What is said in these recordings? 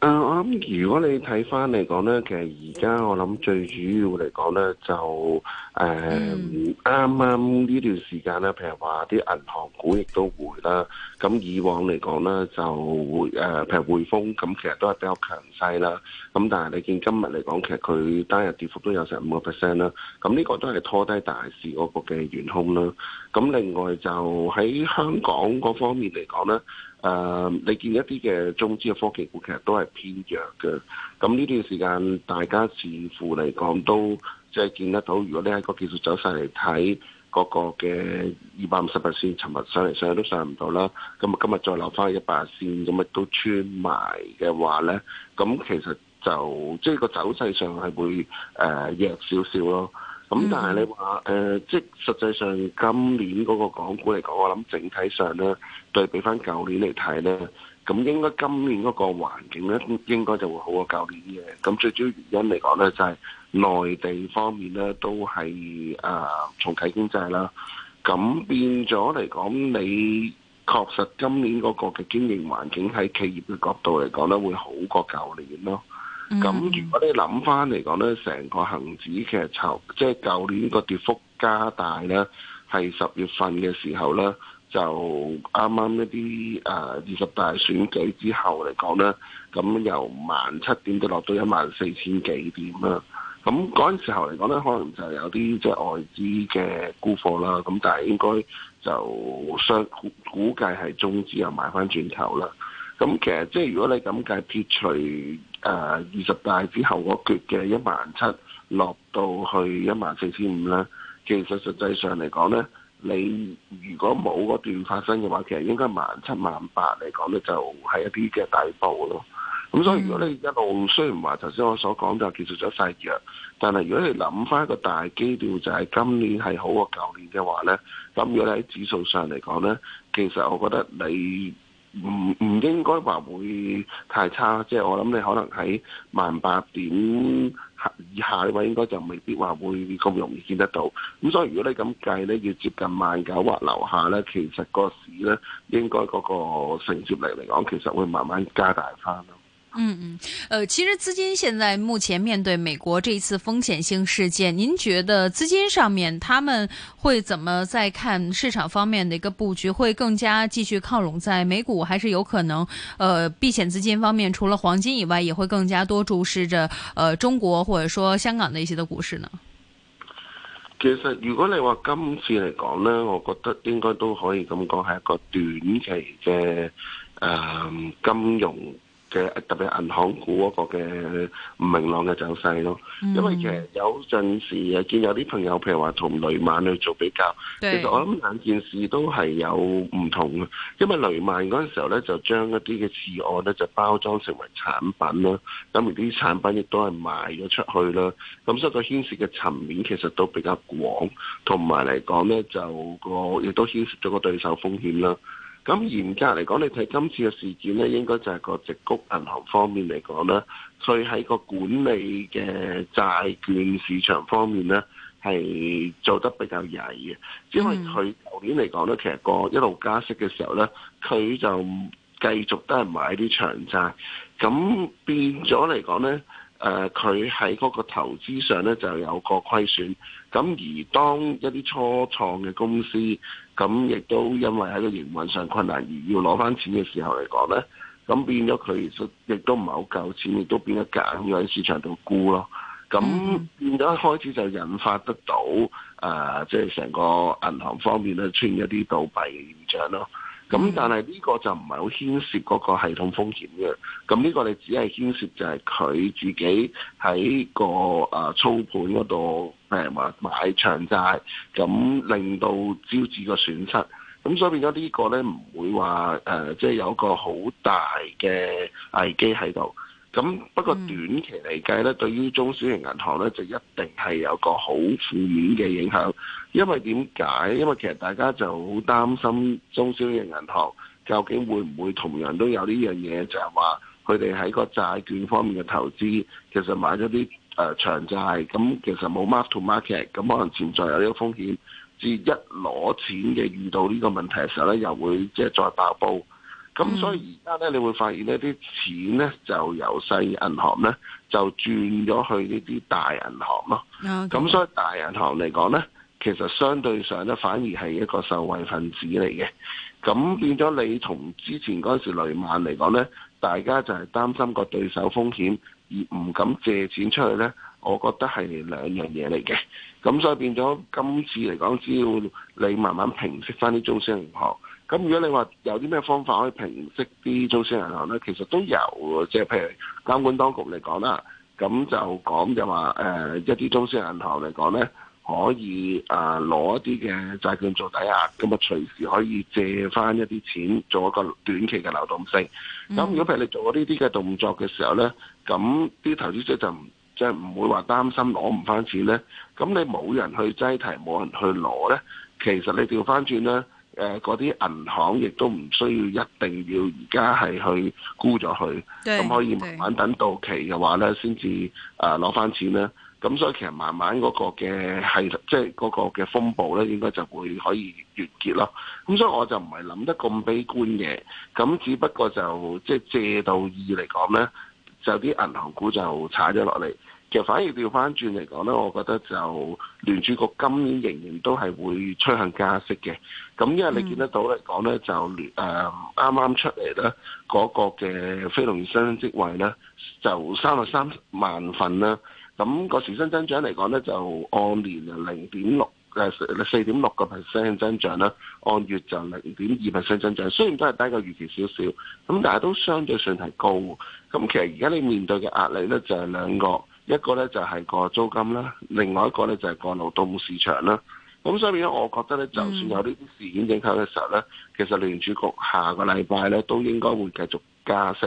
誒、呃，我諗如果你睇翻嚟講咧，其實而家我諗最主要嚟講咧，就誒啱啱呢段時間咧，譬如話啲銀行股亦都回啦。咁以往嚟講咧，就會誒、呃、譬如匯豐咁，其實都係比較強勢啦。咁但係你見今日嚟講，其實佢單日跌幅都有成五個 percent 啦。咁呢個都係拖低大市嗰個嘅元兇啦。咁另外就喺香港嗰方面嚟講咧。誒，uh, 你見一啲嘅中資嘅科技股其實都係偏弱嘅。咁呢段時間，大家似乎嚟講都即係見得到。如果你喺個技術走勢嚟睇，嗰個嘅二百五十日線，尋日上嚟上去都上唔到啦。咁啊，今日再留返一百日線，咁啊都穿埋嘅話咧，咁其實就即係、就是、個走勢上係會誒、呃、弱少少咯。咁、嗯、但係你話、呃、即實際上今年嗰個港股嚟講，我諗整體上咧，對比翻舊年嚟睇咧，咁應該今年嗰個環境咧，應該就會好過舊年嘅。咁最主要原因嚟講咧，就係、是、內地方面咧，都係啊重啟經濟啦，咁變咗嚟講，你確實今年嗰個嘅經營環境喺企業嘅角度嚟講咧，會好過舊年咯。咁、嗯嗯、如果你諗翻嚟講咧，成個恒指其實就即係舊年個跌幅加大咧，係十月份嘅時候咧，就啱啱一啲二十大選舉之後嚟講咧，咁、嗯、由萬七點就落到一萬四千幾點啦。咁嗰陣時候嚟講咧，可能就有啲即係外資嘅沽貨啦。咁但係應該就相估計係中資又買翻轉頭啦。咁其實即係如果你咁計撇除。誒、呃、二十大之後嗰撅嘅一萬七落到去一萬四千五啦。其實實際上嚟講咧，你如果冇嗰段發生嘅話，其實應該萬七萬八嚟講咧，就係、是、一啲嘅底部咯。咁所以如果你一路、嗯、雖然話，頭先我所講就係持續咗細弱，但係如果你諗翻一個大基調就係今年係好過舊年嘅話咧，咁如果你喺指數上嚟講咧，其實我覺得你。唔唔應該話會太差，即係我諗你可能喺萬八點以下嘅話，應該就未必話會咁容易見得到。咁所以如果你咁計咧，要接近萬九或樓下咧，其實個市咧應該嗰個承接力嚟講，其實會慢慢加大翻。嗯嗯，呃，其實資金現在目前面對美國這一次風險性事件，您覺得資金上面他們會怎麼在看市場方面的一個布局？會更加繼續靠攏在美股，還是有可能呃避險資金方面，除了黃金以外，也會更加多注視着呃中國或者說香港的一些的股市呢？其實，如果你話今次嚟講呢，我覺得應該都可以咁講，係一個短期嘅，誒、呃、金融。嘅特別係銀行股嗰個嘅唔明朗嘅走勢咯，嗯、因為其實有陣時啊，見有啲朋友譬如話同雷曼去做比較，對其實我諗兩件事都係有唔同嘅，因為雷曼嗰陣時候咧就將一啲嘅次按咧就包裝成為產品啦，咁而啲產品亦都係賣咗出去啦，咁所以佢牽涉嘅層面其實都比較廣，同埋嚟講咧就個亦都牽涉咗個對手風險啦。咁嚴格嚟講，你睇今次嘅事件咧，應該就係個矽谷銀行方面嚟講咧，佢喺個管理嘅債券市場方面咧，係做得比較曳嘅，因為佢舊年嚟講咧，其實個一路加息嘅時候咧，佢就繼續都係買啲長債，咁變咗嚟講咧，誒佢喺嗰個投資上咧就有個虧損。咁而當一啲初創嘅公司咁亦都因為喺個營運上困難而要攞翻錢嘅時候嚟講咧，咁變咗佢亦都唔係好夠錢，亦都變咗揀咗喺市場度沽咯。咁變咗一開始就引發得到誒，即係成個銀行方面咧出現一啲倒閉嘅現象咯。咁、嗯、但係呢個就唔係好牽涉嗰個系統風險嘅，咁呢個你只係牽涉就係佢自己喺個啊操盤嗰度誒買買長債，咁令到招致個損失，咁所以變咗呢個咧唔會話誒，即、呃、係、就是、有一個好大嘅危機喺度。咁不過短期嚟計咧，對於中小型銀行咧，就一定係有個好負面嘅影響。因為點解？因為其實大家就好擔心中小型銀行究竟會唔會同樣都有呢樣嘢，就係話佢哋喺個債券方面嘅投資，其實買咗啲誒長債，咁其實冇 mark to market，咁可能潛在有呢個風險。至一攞錢嘅遇到呢個問題嘅時候咧，又會即係再爆煲。咁所以而家咧，你會發現咧，呢啲錢咧就由細銀行咧就轉咗去呢啲大銀行咯。咁所以大銀行嚟講咧。其實相對上咧，反而係一個受惠分子嚟嘅，咁變咗你同之前嗰陣時雷曼嚟講咧，大家就係擔心個對手風險而唔敢借錢出去咧。我覺得係兩樣嘢嚟嘅，咁所以變咗今次嚟講，只要你慢慢平息翻啲中小銀行，咁如果你話有啲咩方法可以平息啲中小銀行咧，其實都有，即係譬如監管當局嚟講啦，咁就講就話誒一啲中小銀行嚟講咧。可以誒攞一啲嘅債券做抵押，咁啊隨時可以借翻一啲錢做一個短期嘅流動性。咁、嗯、如果譬如你做咗呢啲嘅動作嘅時候咧，咁啲投資者就唔即係唔會話擔心攞唔翻錢咧。咁你冇人去擠提，冇人去攞咧，其實你調翻轉咧，誒嗰啲銀行亦都唔需要一定要而家係去沽咗去，咁對可以慢慢等到期嘅話咧，先至誒攞翻錢咧。咁所以其實慢慢嗰個嘅即係嗰個嘅風暴咧，應該就會可以完，完結咯。咁所以我就唔係諗得咁悲觀嘅。咁只不過就即係、就係、借到意嚟講咧，就啲銀行股就踩咗落嚟。其實反而調翻轉嚟講咧，我覺得就聯儲局今年仍然都係會推向加息嘅。咁因為你見得到嚟講咧，就聯啱啱出嚟咧，嗰、嗰個嘅非農新增職位咧就三十三萬份啦。咁個時薪增長嚟講咧，就按年就零點六嘅四點六個 percent 增長啦，按月就零點二 percent 增長。雖然都係低過預期少少，咁但係都相對上係高。咁其實而家你面對嘅壓力咧就係兩個，一個咧就係個租金啦，另外一個咧就係個勞動市場啦。咁所以咧，我覺得咧，就算有呢啲事件影響嘅時候咧，嗯、其實聯儲局下個禮拜咧都應該會繼續加息。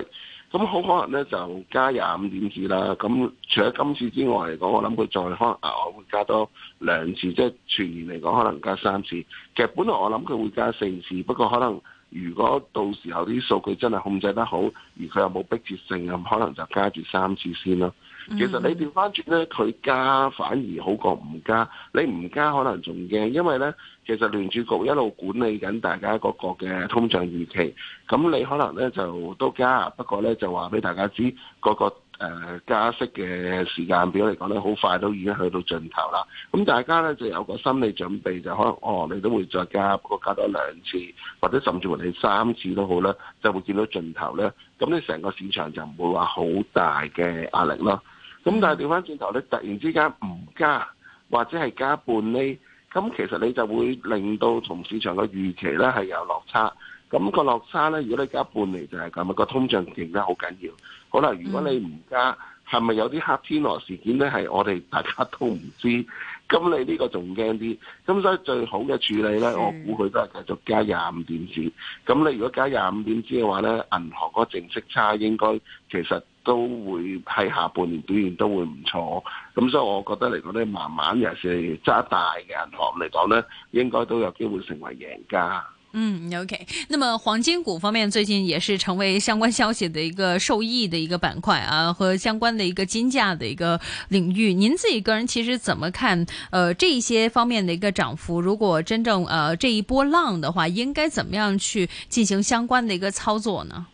咁好可能咧就加廿五點字啦，咁除咗今次之外嚟講，我諗佢再可能啊，我會加多兩次，即係全年嚟講可能加三次。其實本來我諗佢會加四次，不過可能如果到時候啲數據真係控制得好，而佢又冇迫切性，咁可能就加住三次先咯。其實你調翻轉咧，佢加反而好過唔加。你唔加可能仲驚，因為咧其實聯儲局一路管理緊大家嗰個嘅通脹預期。咁你可能咧就都加，不過咧就話俾大家知，嗰個、呃、加息嘅時間表嚟講咧好快都已經去到盡頭啦。咁大家咧就有個心理準備，就可能哦你都會再加，不過加多兩次或者甚至乎你三次都好啦，就會見到盡頭咧。咁你成個市場就唔會話好大嘅壓力咯。咁、嗯、但係掉返轉頭咧，你突然之間唔加或者係加半厘，咁其實你就會令到同市場嘅預期咧係有落差。咁個落差咧，如果你加半厘就係咁個通脹勁呢好緊要。好啦，如果你唔加，係咪、嗯、有啲黑天鵝事件咧？係我哋大家都唔知。咁你呢個仲驚啲？咁所以最好嘅處理咧，我估佢都係繼續加廿五點子。咁你如果加廿五點子嘅話咧，銀行個淨息差應該其實。都會喺下半年表現都會唔錯，咁所以我覺得嚟講呢，慢慢又是揸大嘅銀行嚟講呢，應該都有機會成為贏家。嗯，OK。那麼黃金股方面最近也是成為相關消息的一個受益的一個板塊啊，和相關的一個金價的一個領域。您自己個人其實怎麼看？呃，這一些方面的一個漲幅，如果真正呃這一波浪的話，應該怎麼樣去進行相關的一個操作呢？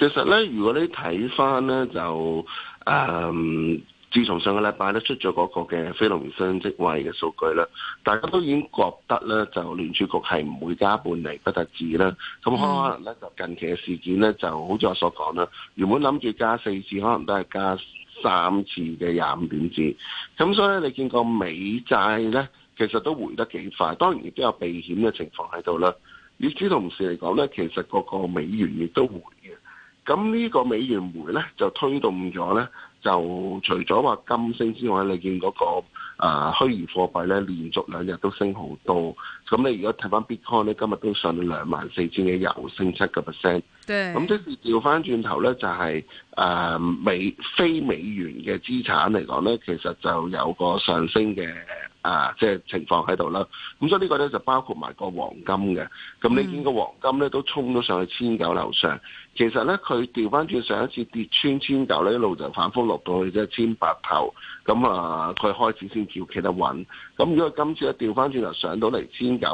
其實咧，如果你睇翻咧，就誒、嗯，自從上個禮拜咧出咗嗰個嘅非農新職位嘅數據咧，大家都已經覺得咧就聯儲局係唔會加半厘不特止啦。咁可能咧就近期嘅事件咧就好似我所講啦，原本諗住加四次，可能都係加三次嘅廿五點子咁，所以咧，你見個美債咧，其實都回得幾快。當然亦都有避險嘅情況喺度啦。與此同時嚟講咧，其實嗰個美元亦都回。咁呢個美元匯咧就推動咗咧，就除咗話金升之外，你見嗰、那個啊、呃、虛擬貨幣咧連續兩日都升好多。咁你如果睇翻 Bitcoin 咧，今日都上到兩萬四千幾，又升七個 percent。咁即使調翻轉頭咧，就係誒美非美元嘅資產嚟講咧，其實就有個上升嘅啊，即、呃、係、就是、情況喺度啦。咁所以個呢個咧就包括埋個黃金嘅。咁你見個黃金咧都衝咗上去千九樓上。其實咧，佢調翻轉上一次跌穿千九呢一路就反覆落到去即係千八頭，咁啊，佢開始先叫企得穩。咁如果今次咧調翻轉頭上到嚟千九，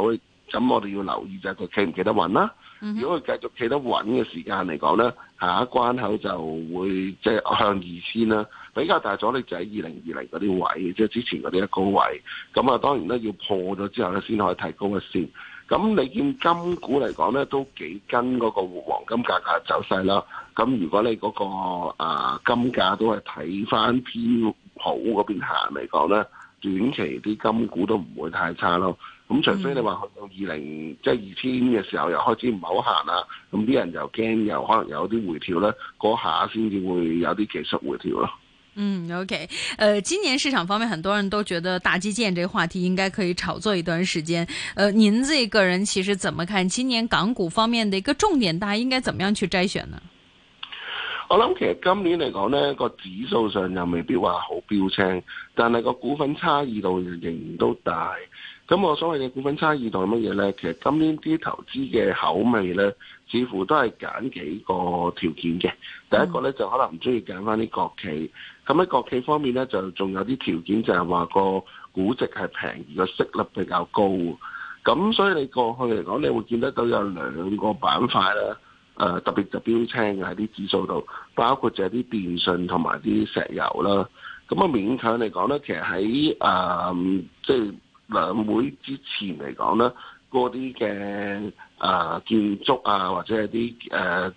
咁我哋要留意就係佢企唔企得穩啦。Mm hmm. 如果佢繼續企得穩嘅時間嚟講咧，下一關口就會即係、就是、向二千啦。比較大阻力就喺二零二零嗰啲位，即、就、係、是、之前嗰啲高位。咁啊，當然咧要破咗之後咧，先可以提高一線。咁你見金股嚟講咧，都幾跟嗰個黃金價格走勢啦。咁如果你嗰個，啊，金價都係睇翻偏好嗰邊行嚟講咧，短期啲金股都唔會太差咯。咁除非你話去到二零即係二千嘅時候，又開始唔好行啦，咁啲人又驚，又可能有啲回調咧，嗰下先至會有啲技術回調咯。嗯，OK，誒、呃，今年市場方面，很多人都覺得大基建這個話題應該可以炒作一段時間。呃，您自己這個人其實怎麼看今年港股方面的一個重點，大家應該怎麼樣去摘選呢？我諗其實今年嚟講呢個指數上又未必話好標青，但係個股份差異度仍然都大。咁我所謂嘅股份差異度係乜嘢呢？其實今年啲投資嘅口味呢，似乎都係揀幾個條件嘅。第一個呢，嗯、就可能唔中意揀翻啲國企。咁喺國企方面咧，就仲有啲條件就係話個估值係平，而個息率比較高。咁所以你過去嚟講，你會見得到有兩個板塊啦。誒、呃、特別就標青喺啲指數度，包括就係啲電信同埋啲石油啦。咁啊，勉強嚟講咧，其實喺誒即係兩會之前嚟講咧，嗰啲嘅誒建築啊，或者係啲誒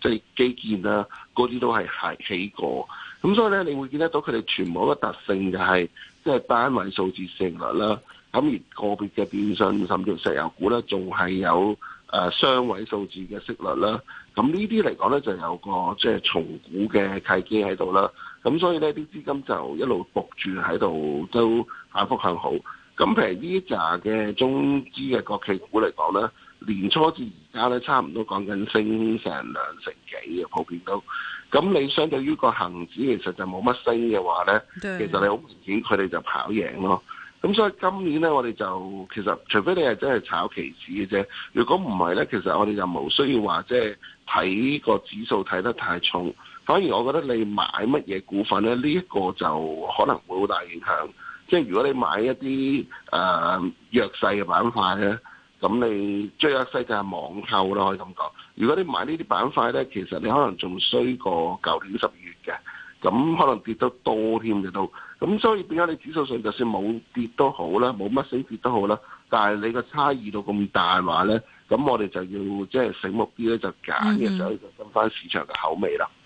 即係基建啦、啊，嗰啲都係係起過。咁所以咧，你會見得到佢哋全部個特性的是就係即係單位數字息率啦。咁而個別嘅電信甚至石油股咧，仲係有誒、呃、雙位數字嘅息率啦。咁呢啲嚟講咧，就有個即係重估嘅契機喺度啦。咁所以呢啲資金就一路盤住喺度，都反覆向好。咁譬如呢一紮嘅中資嘅國企股嚟講咧，年初至而家咧，差唔多講緊升成兩成幾嘅普遍都。咁你相對於個恒指其實就冇乜升嘅話咧，對其實你好明顯佢哋就跑贏咯。咁所以今年咧，我哋就其實除非你係真係炒期指嘅啫，如果唔係咧，其實我哋就冇需要話即係睇個指數睇得太重。反而我覺得你買乜嘢股份咧，呢一個就可能會好大影響。即係如果你買一啲誒弱勢嘅板塊咧。咁你追一世界網購咯，可以咁講。如果你買呢啲板塊咧，其實你可能仲衰過舊年十二月嘅，咁可能跌得多添嘅都。咁所以變咗你指數上就算冇跌都好啦，冇乜升跌都好啦，但係你個差異到咁大嘅話咧，咁我哋就要即係醒目啲咧，就揀嘅時候就跟翻市場嘅口味啦。Mm hmm.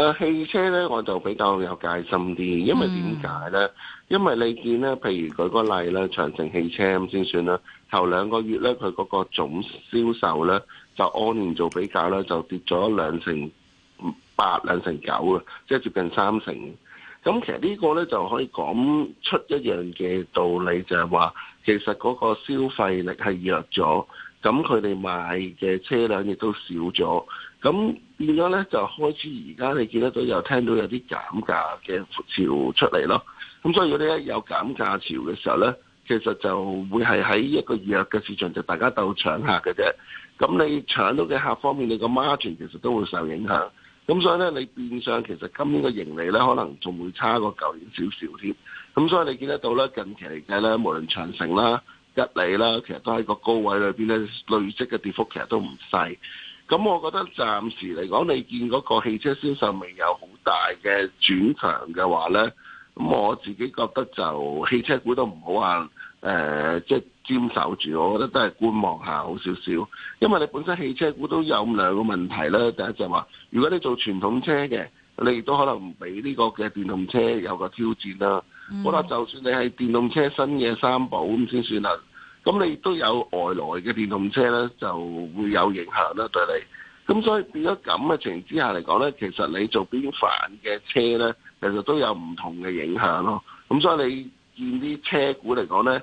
誒汽車咧，我就比較有戒心啲，因為點解咧？嗯、因為你見咧，譬如舉個例啦，長城汽車咁先算啦，頭兩個月咧，佢嗰個總銷售咧，就按年做比較咧，就跌咗兩成八、兩成九，即係、就是、接近三成。咁其實個呢個咧就可以講出一樣嘅道理，就係、是、話其實嗰個消費力係弱咗，咁佢哋賣嘅車輛亦都少咗。咁變咗咧，就開始而家你見得到，又聽到有啲減價嘅潮出嚟咯。咁所以咧，如果你有減價潮嘅時候咧，其實就會係喺一個弱嘅市場，就大家鬥搶客嘅啫。咁你搶到嘅客方面，你個 margin 其實都會受影響。咁所以咧，你變相其實今年嘅盈利咧，可能仲會差過舊年少少添。咁所以你見得到咧，近期嚟計咧，無論長城啦、吉利啦，其實都喺個高位裏邊咧，累積嘅跌幅其實都唔細。咁我覺得暫時嚟講，你見嗰個汽車銷售未有好大嘅轉強嘅話呢，咁我自己覺得就汽車股都唔好話，即係堅守住，我覺得都係觀望下好少少。因為你本身汽車股都有兩個問題啦，第一就係話，如果你做傳統車嘅，你亦都可能唔俾呢個嘅電動車有個挑戰啦。好啦、mm，hmm。就算你係電動車新嘅三寶咁先算啦。咁你都有外來嘅電動車咧，就會有影響啦對你。咁所以變咗咁嘅情形之下嚟講咧，其實你做邊款嘅車咧，其實都有唔同嘅影響咯。咁所以你見啲車股嚟講咧。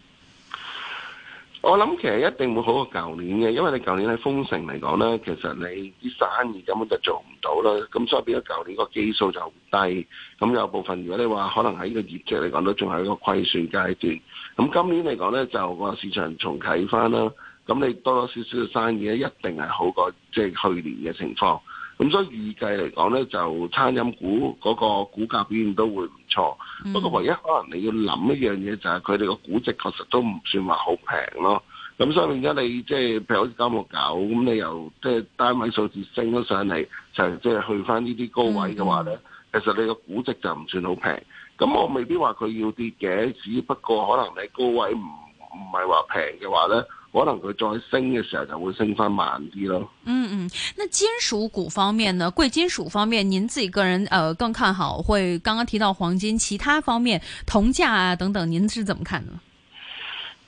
我諗其實一定會好過舊年嘅，因為你舊年喺封城嚟講咧，其實你啲生意根本就做唔到啦，咁所以變咗舊年個基數就唔低，咁有部分如果你話可能喺個業績嚟講都仲係一個虧損階段，咁今年嚟講咧就個市場重啟翻啦，咁你多多少少嘅生意咧一定係好過即係去年嘅情況。咁所以預計嚟講咧，就餐飲股嗰、嗰個股價表現都會唔錯。嗯、不過唯一可能你要諗一樣嘢，就係佢哋個估值確實都唔算話好平咯。咁所以而家你即係譬如好似九毛九咁，你由即係單位數字升咗上嚟，就即係去翻呢啲高位嘅話咧，嗯、其實你個估值就唔算好平。咁我未必話佢要跌嘅，只不過可能你高位唔唔係話平嘅話咧。可能佢再升嘅時候就會升翻慢啲咯。嗯嗯，那金屬股方面呢？貴金屬方面，您自己個人、呃、更看好？會剛剛提到黃金，其他方面，銅價啊等等，您是怎麼看呢？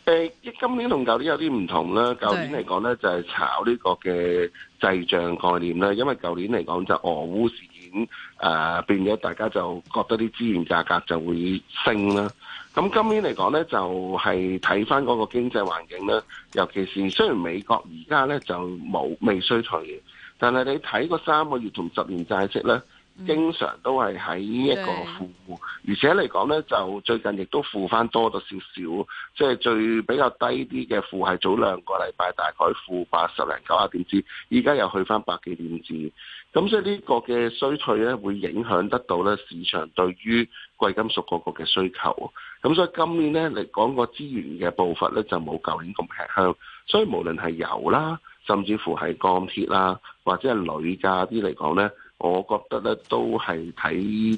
呃、今年同舊年有啲唔同啦。舊對年嚟講呢，就係炒呢個嘅滯脹概念啦。因為舊年嚟講就是俄烏事件誒、呃，變咗大家就覺得啲資源價格就會升啦。咁今年嚟講咧，就係睇翻嗰個經濟環境啦。尤其是雖然美國而家咧就冇未衰退，但係你睇個三個月同十年債息咧，經常都係喺呢一個負，的而且嚟講咧就最近亦都負翻多咗少少。即係最比較低啲嘅負係早兩個禮拜，大概負八十零九啊點子，依家又去翻百幾點子。咁所以呢個嘅衰退咧，會影響得到咧市場對於貴金屬各個個嘅需求。咁所以今年咧嚟講個資源嘅步伐咧就冇舊年咁吃香，所以無論係油啦，甚至乎係鋼鐵啦，或者係鋁價啲嚟講咧，我覺得咧都係睇低一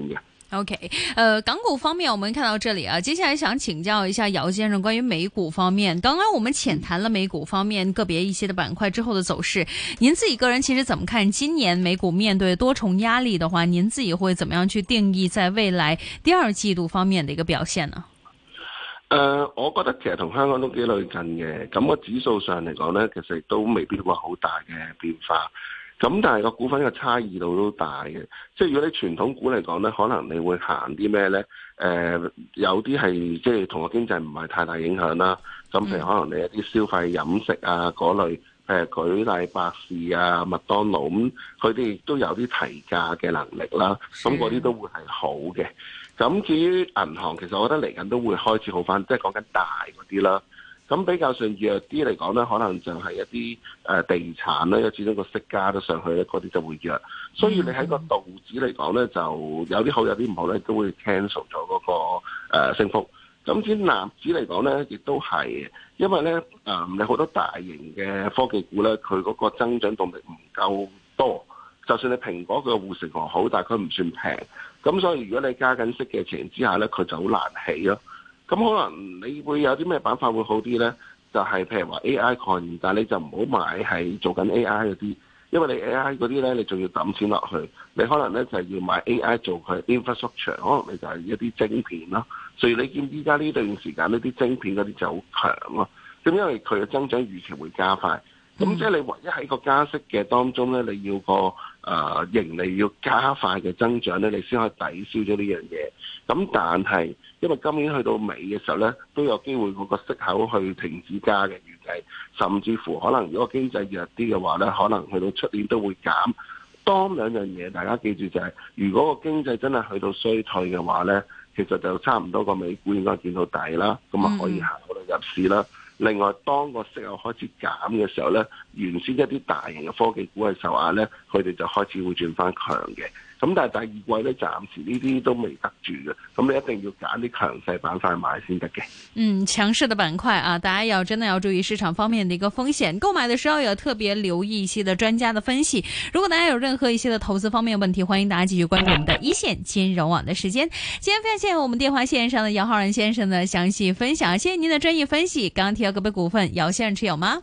線嘅。OK，呃，港股方面，我們看到這裏啊。接下來想請教一下姚先生，關於美股方面，剛剛我們淺談了美股方面個別一些的板塊之後的走勢，您自己個人其實怎麼看今年美股面對多重壓力的話，您自己會怎麼樣去定義在未來第二季度方面的一個表現呢？呃，我覺得其實同香港都幾類近嘅，咁、這、我、個、指數上嚟講呢，其實都未必話好大嘅變化。咁但係個股份嘅差異度都大嘅，即係如果你傳統股嚟講咧，可能你會行啲咩咧？誒、呃，有啲係即係同個經濟唔係太大影響啦。咁譬如可能你有一啲消費飲食啊嗰類，誒、呃，舉例百事啊、麥當勞咁，佢哋都有啲提價嘅能力啦。咁嗰啲都會係好嘅。咁至於銀行，其實我覺得嚟緊都會開始好返，即係講緊大嗰啲啦。咁比較上弱啲嚟講咧，可能就係一啲誒、呃、地產咧，或者一個息加得上去咧，嗰啲就會弱。所以你喺個道指嚟講咧，就有啲好有啲唔好咧，都會 cancel 咗嗰、那個誒升幅。咁、呃、啲納指嚟講咧，亦都係，因為咧誒、呃、你好多大型嘅科技股咧，佢嗰個增長動力唔夠多。就算你蘋果佢個護城河好，好，但係佢唔算平。咁所以如果你加緊息嘅情形之下咧，佢就好難起咯。咁可能你會有啲咩辦法會好啲呢？就係、是、譬如話 AI 概念，但係你就唔好買係做緊 AI 嗰啲，因為你 AI 嗰啲呢，你仲要抌錢落去。你可能呢，就是、要買 AI 做佢嘅 infrastructure，可能你就係一啲晶片囉。所以你見依家呢段時間呢啲晶片嗰啲就好強咯。咁因為佢嘅增長預期會加快。咁即係你唯一喺個加息嘅當中呢，你要個誒、呃、盈利要加快嘅增長呢，你先可以抵消咗呢樣嘢。咁但係。因為今年去到尾嘅時候咧，都有機會嗰個息口去停止加嘅預計，甚至乎可能如果經濟弱啲嘅話咧，可能去到出年都會減。當兩樣嘢大家記住就係、是，如果個經濟真係去到衰退嘅話咧，其實就差唔多個美股應該見到底啦，咁啊可以考慮入市啦。嗯、另外，當個息口開始減嘅時候咧，原先一啲大型嘅科技股係受壓咧，佢哋就開始會轉翻強嘅。咁但係第二季咧，暫時呢啲都未得住嘅，咁你一定要揀啲強勢板塊買先得嘅。嗯，強勢的板塊啊，大家要真的要注意市場方面的一個風險，購買的時候要特別留意一些的專家的分析。如果大家有任何一些的投資方面問題，歡迎大家繼續關注我們的一線金融網的時間。今天非常謝謝我們電話線上的姚浩然先生的詳細分享，謝謝您的專業分析。剛剛提到個別股份，姚先生持有嗎？